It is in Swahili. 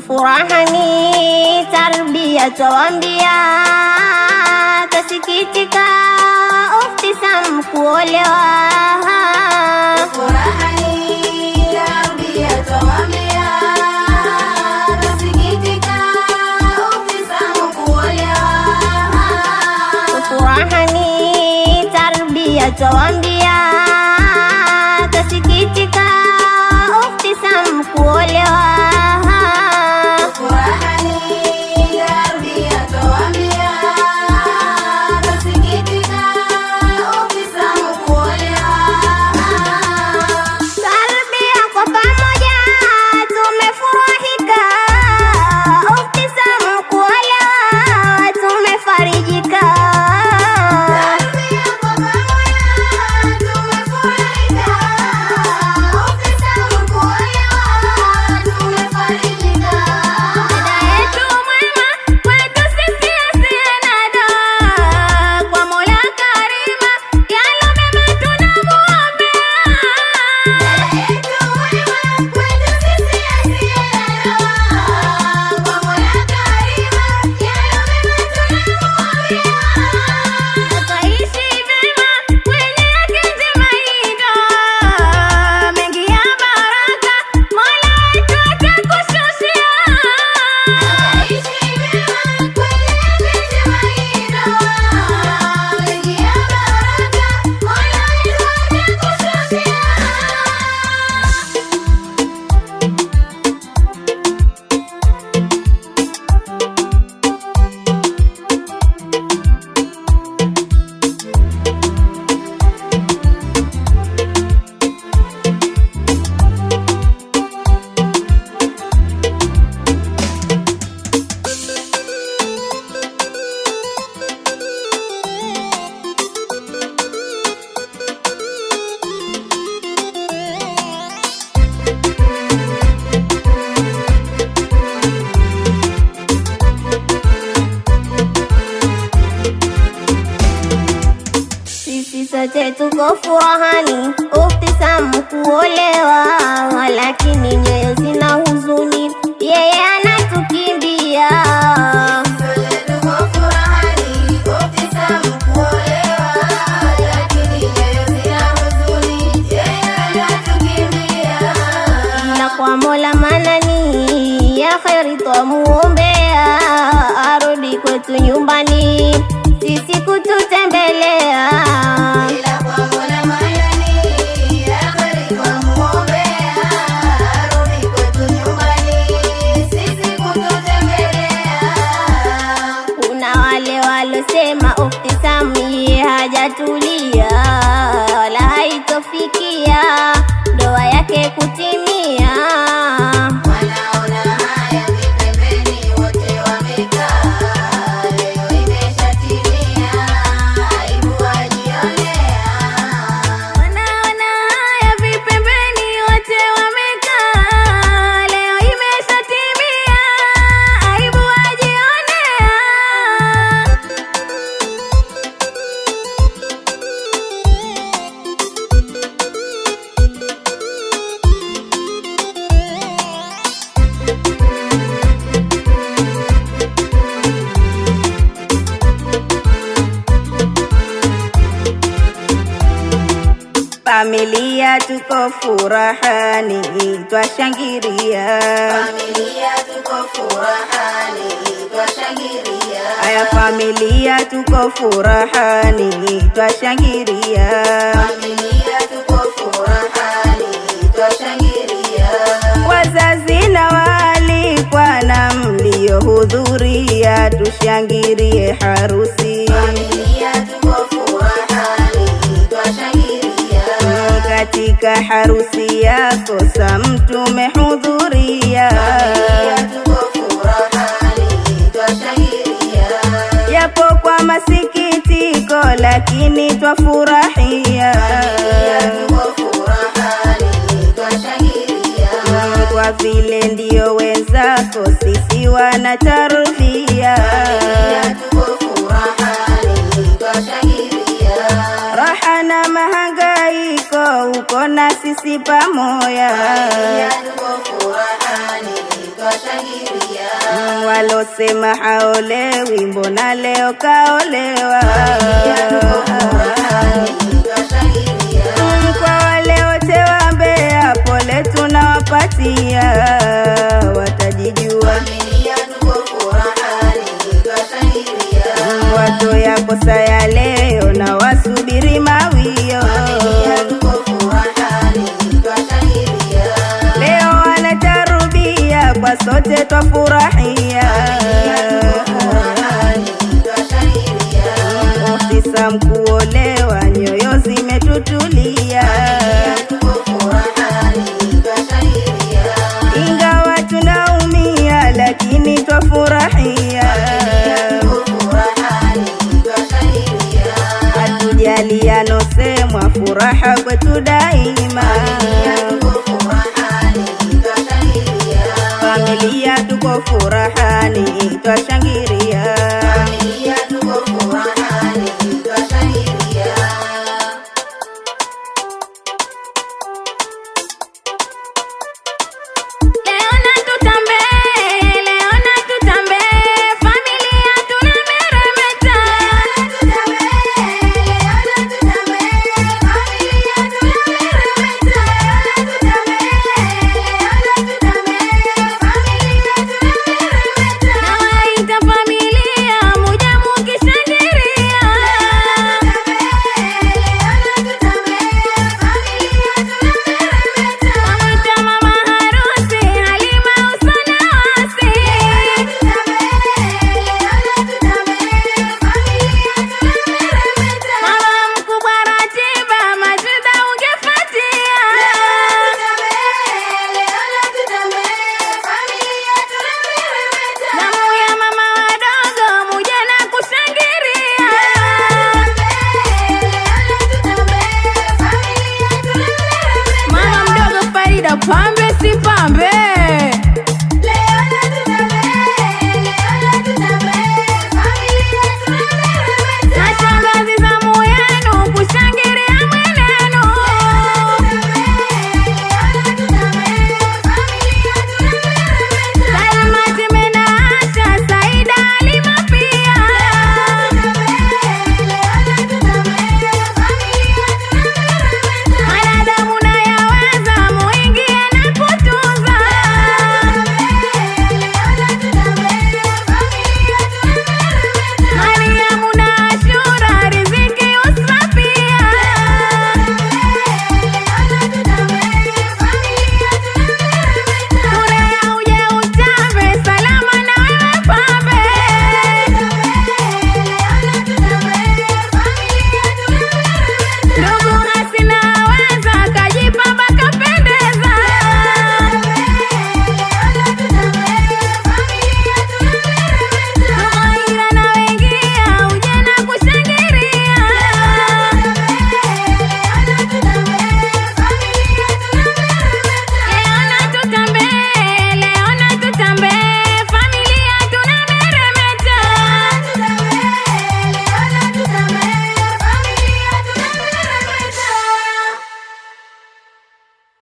furahani tarbiya tawambiya tasikitika uftisam kuolewa furahani tarbiya tawambiya tukofu wahani uktisamu kuolewa, walakini nyoyo zina huzuni, yeye anatukimbia ila kwa Mola manani ya kheri twamuombea, arudi kwetu nyumbani sisi kututembelea Chadema, ofisa Samia hajatulia. Familia tuko furahani, twashangiria. Familia tuko furahani, twashangiria. Aya, familia tuko furahani, Familia tuko furahani, twashangiria. Wazazi na waalikwa na mliohudhuria, tushangirie harusi sasa mtumehudhuria yapo kwa masikitiko, lakini twafurahia kwa vile ndio wenzako sisi wana tarudhia na sisi pamoja, walosema haolewi mbona leo kaolewa? Kwa wale wote wa Mbeya, pole tunawapatia, watajijua watoya kosa leo sasa mkuolewa, nyoyo zimetutulia, ingawa tunaumia, lakini twafurahia. Hatujali yanosemwa, furaha kwetu daima. Familia tuko furahani, twashangilia